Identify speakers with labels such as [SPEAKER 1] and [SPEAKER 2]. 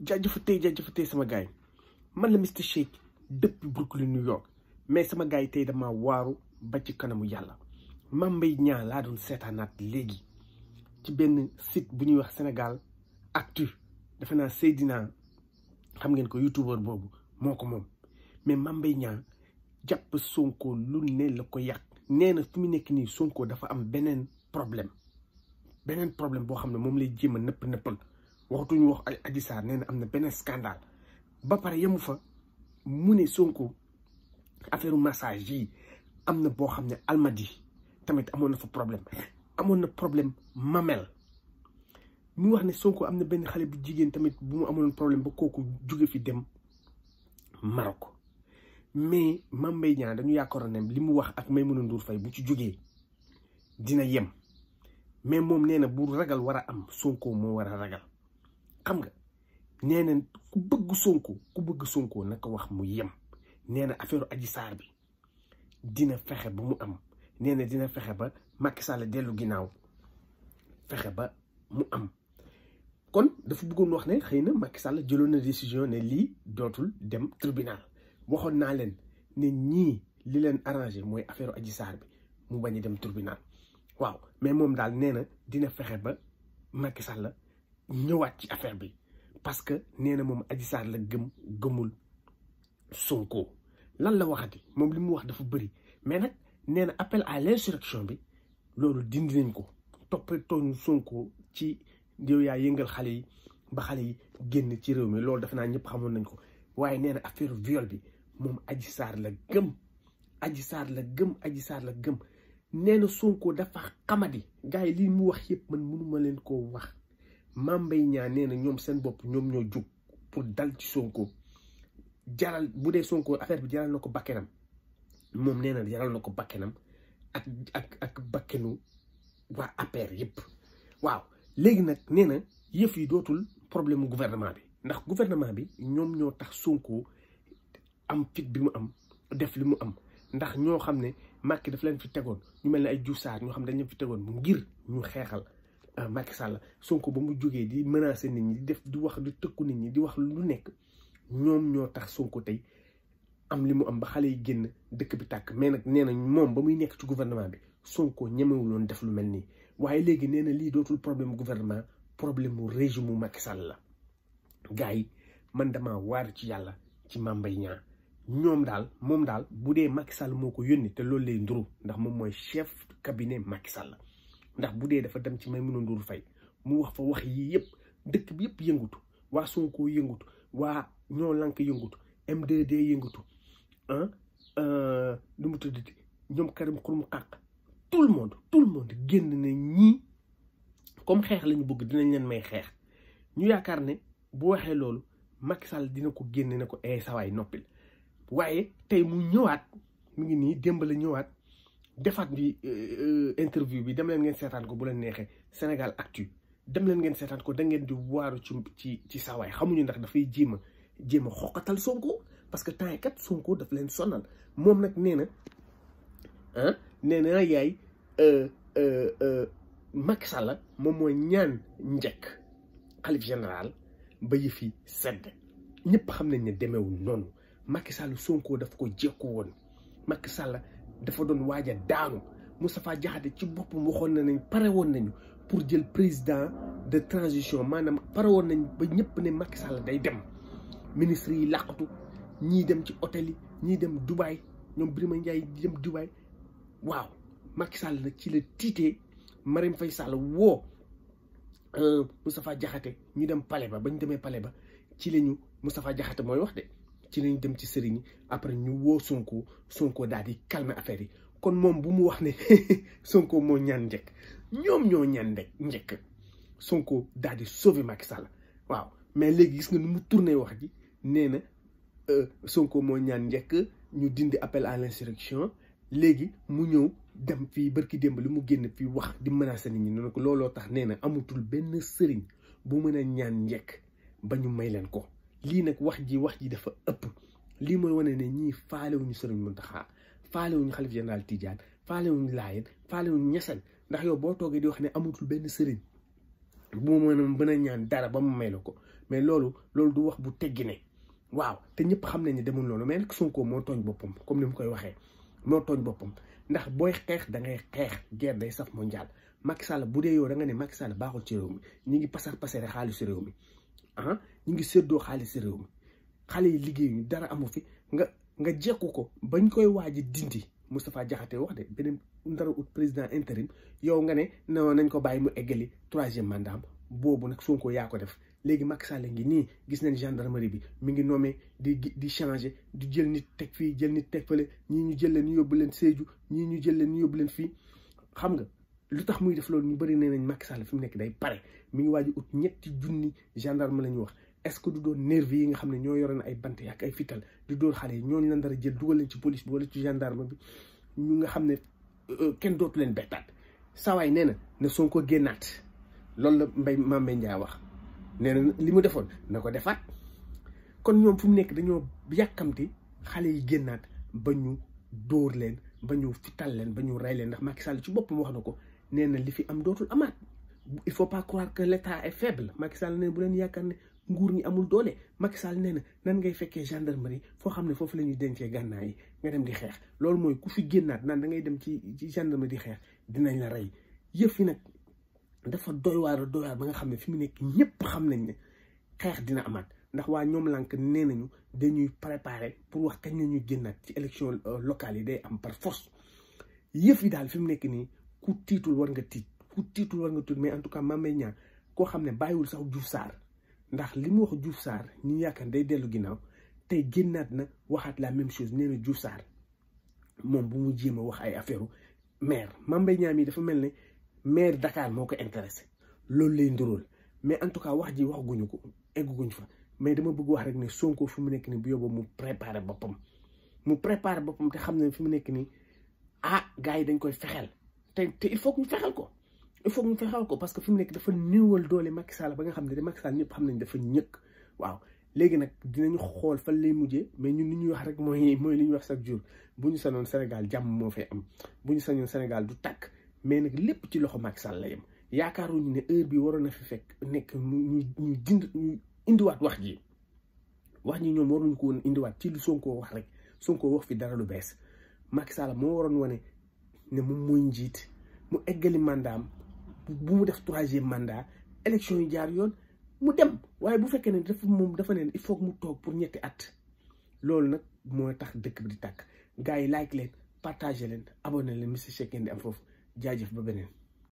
[SPEAKER 1] jaajëfatee jaajëfatee sama gars man la Mister Shake depuis Brooklyn mais sama gars yi tey damaa waaru ba ci kanamu yàlla Mame Mbaye Niang laa doon léegi ci benn site bu ñuy wax Sénégal Actu defe naa Seydina xam ngeen ko youtubeur boobu moo ko moom mais Mame Mbaye Niang jàpp Sonko lu ne la ko yàq nee na fi mu nekk nii Sonko dafa am beneen problème beneen problème boo xam ne moom lay jéem nëpp nëppal waxatuñu wax ay Adji nee na am na benn scandale ba pare yemu fa mu ne Sonko affaire massage yi am na boo xam ne Almadi tamit amoon na fa problème amoon na problème mamel mu wax ne Sonko am na benn xale bu jigéen tamit bu mu amoon problème ba kooku jóge fi dem Maroc mais ma Mbaye Niang dañu yaakaaroon ne li mu wax ak Maïmouna Ndour Faye bu ci jógee dina yem mais moom nee na bu ragal war a am Sonko moo war a ragal xam nga neena ku bëgg Sonko ku bëgg Sonko naka wax mu yem nee na affaire Adji Sarr bi dina fexe ba mu am nee na dina fexe ba Macky Sall dellu ginnaaw fexe ba mu am kon dafa bëggoon wax ne xëy na Macky Sall jëloon na décision ne lii dootul dem tribunal waxoon naa leen ne ñii li leen arrangé mooy affaire aji Sarr bi mu bañ a dem tribunal waaw mais moom daal nee dina fexe ba Macky Sall ñëwaat ci affaire bi parce que nee na moom Adji Sarr la gëm gëmul Sonko lan la waxati moom li mu wax dafa bëri mais nag nee na appel à l'insurrection bi loolu dindi nañ ko toppatooñu Sonko ci yow yaa yëngal xale yi ba xale yi génn ci réew mi loolu dafa naa ñëpp xamoon nañ ko waaye nee na affaire viol bi moom aji saar la gëm Adji Sarr la gëm aji Sarr la gëm nee na Sonko dafa xamadi gars yi lii mu wax yëpp man mënuma leen ko wax Mame Mbaye Niang nee na ñoom seen bopp ñoom ñoo jug pour dal ci Sonko jaral bu dee Sonko affaire bi jaral na ko bakkenam moom nee na jaral na ko bakkenam ak ak ak bakkenu waa APR yëpp waaw léegi nag nee na yëf yi dootul problème gouvernement bi ndax gouvernement bi ñoom ñoo tax Sonko am fit bi mu am def li mu am ndax ñoo xam ne Macky daf leen fi tegoon ñu mel ne ay Diouf ñoo xam ne dañ leen fi tegoon mu ngir ñu xeexal Euh, Macky Sall Sonko ba mu jógee di menacer nit ñi di def di wax di tëkku nit ñi di wax lu nekk ñoom ñoo tax Sonko tey am li mu am ba xale yi génn dëkk bi tàkk mais nag nee na moom ba muy nekk ci gouvernement bi Sonko ñemewuloon def lu mel nii waaye léegi nee na lii dootul problème gouvernement problème mu régime mu Macky Sall la gars yi man dama waar ci yàlla ci mambay ñaa ñoom daal moom daal bu dee Macky Sall moo ko yónni te loolu lay nduru ndax moom mooy chef cabinet Macky Sall ndax bu dee dafa dem ci may Maimouna Ndour Faye mu wax fa wax yii yëpp dëkk bi yëpp yëngutu waa Sonko yëngutu waa ñoo lank yëngutu M2D yëngutu lu ah, euh, mu tuddati ñoom Karim Xurum Xàq tout le monde tout le monde génn na ñii comme xeex lañu bëgg dinañ leen may xeex ñu yaakaar ne bu waxee loolu Macky dina ko génne ne ko ay eh, sawaay noppil waaye tey mu ñëwaat mu ngi nii démb la ñëwaat defaat bi euh, euh, interview bi dem ngeen seetaan ko bu leen neexee Sénégal Actu dem leen ngeen seetaan ko da ngeen di waaru ci ci ci saawaay xamuñu ndax dafay jéem a jéem a parce que temps kat Sonko daf leen sonal moom nag nee na ah, nee na yaay euh, Macky Sall moom mooy ñaan njëkk xalif général ba yëf sedd ñëpp xam nañ ne demeewul noonu Macky Sall Sonko daf ko jekku woon Macky Sall dafa doon waaj a daanu Moustapha Diakhaté ci boppam waxoon na nañ pare woon nañu pour jël président de transition maanaam pare woon nañ ba ñëpp ne Macky Sall day dem ministre yi làqatu ñii dem ci hôtel yi ñii dem Dubaï ñoom Birima Ndiaye di dem Dubaï waaw Macky Sall nag ci la tiitee Marème Faye Sall woo euh, Moustapha Diakhaté ñu dem palais ba ba ñu demee pale ba ci la ñu Moustapha Diakhaté mooy wax de ci lañ dem ci sëriñ après ñu woo Sonko Sonko daal di calmer affaire yi kon moom bu mu wax ne Sonko moo ñaan njëkk ñoom ñoo ñaan njekk Sonko daal di sauver Macky waaw mais léegi gis nga nu mu tourné wax ji nee na euh, Sonko moo ñaan njëkk ñu dindi appel à l'insurrection léegi mu ñëw dem fii barki démb li mu génn fi wax di menacer nit ñi ne ko looloo tax nee na amatul benn sëriñ bu mën a ñaan njekk ba ñu may leen ko. lii nag wax ji wax ji dafa ëpp lii mooy wane ne ñii faalewuñu Sëriñ Muntaxa faalewuñu xalif général Tijaan faalewuñu Laayeen faalewuñu Ñaseen ndax yow boo toogee di wax ne amatul benn sëriñ bu ma mën a ñaan dara ba mu may la ko mais loolu loolu du wax bu teggi waaw te ñëpp xam nañ ne demul loolu mais nag Sonko moo tooñ boppam comme ni mu koy waxee moo tooñ boppam ndax booy xeex da ngay xeex guerre day saf mondial Macky Sall bu dee yow da ne Macky Sall baaxul ci réew mi ñu ngi pasar pasare xaalis ci réew mi ah ñu ngi séddoo xaalis réew ma xale yi liggéeyuñu dara amu fi nga nga jekku ko bañ koy waaj a dindi Moustapha Diakhaté wax de beneen ndara ut président intérim yow nga ne non nañ ko bàyyi mu eggali troisième mandat boobu nag Sonko yaa ko def léegi Macky Sall ngi nii gis nañ gendarmerie bi mi ngi noomee di di changé di jël nit teg fii jël nit teg fële ñii ñu jël leen ñu yóbbu leen Sédhiou ñii ñu jël leen ñu yóbbu leen fii xam nga. lutax muy def lolou ñu bari nee nañ Macky Sall fi mu nek day pare mi ngi waji ut ñetti junni gendarme la wax est ce que du doon nerve yi nga xamne ño ñoo yore na ay bant yak ay fital du dóor xale yi ñooñu lan dara jël duggal leen ci police bi wala ci gendarme bi ñu nga xamne ne kenn dootu leen bettaat sawaay nee na ne Sonko gennat lolou la mbay Mame ndia wax nee limu li mu defoon na ko kon ñom fu mu nek dañoo yakamti xale yi gennat bañu dóor leen bañu ñu fital leen bañu ray leen ndax Macky Sall ci boppam wax nako nee na li fi am dootul amaat il faut pas croire que l' état est faible Macky Sall nee bu leen yaakaar ne nguur ñi amul doole Macky Sall nee na nan ngay fekkee gendarmerie foo xam ne foofu la ñuy dencee gànnaay yi nga dem xeex loolu mooy ku fi génnaat naan da ngay dem ci ci gendarmerie di xeex dinañ la rey yëf yi nag dafa doy waar doy ba nga xam ne fi mu nekk ñëpp xam nañ ne xeex dina amaat ndax waa ñoom lànk nee nañu dañuy préparer pour wax kañ la ñuy génnaat ci élection locale yi day am par force yëf yi daal fi mu nekk nii. ku titul war nga tit ku titul war nga tut mais en tout cas Mame Niang koo xam ne sax djouf sar ndax limu wax djouf sar ñu yaakaar day delu ginaaw te gennat na waxat la même chose neena djouf sar mom bu mu jema wax ay affaireu maire Mame mi dafa melni maire Dakar moko intéressé lolou lay nduróol mais en tout cas wax ji guñu ko guñu fa mais dama bëgg wax rek ne Sonko fu mu nek ni bu yobbu mu préparer bopam mu préparer bopam te xam fi mu nek ni ah gaay dañ koy fexel te te il faut que ñu fexeel ko il faut que ñu fexeel ko parce que fi mu nekk dafa néewal doole Macky Sall ba nga xam Macky Sall ñëpp xam dafa ñëkk waaw léegi nag dinañu xool fan lay mujjee mais ñun li ñuy wax rek mooy mooy li ñuy wax chaque jour bu ñu Sénégal jàmm moo fay am bu ñu Sénégal du tàkk mais nag lépp ci loxo Macky Sall la yem yaakaaruñu ne heure bi waroon na fi fekk nekk ñu ñu dind ñu indiwaat wax ji wax ji ñoom waruñu ko woon indiwaat ci lu Sonko wax rek Sonko wax fi dara lu bees Macky Sall moo waroon wane ne moom mooy njiit mu eggali mandaam bu mu def troisième mandat élection yu jaar yoon mu dem waaye bu fekkee ne dafa moom dafa ne il faut mu toog pour ñetti at loolu nag moo tax dëkk bi di tàkk gars yi like leen partage leen abonné leen Mister Shake ngeen di am foofu jaajëf ba beneen.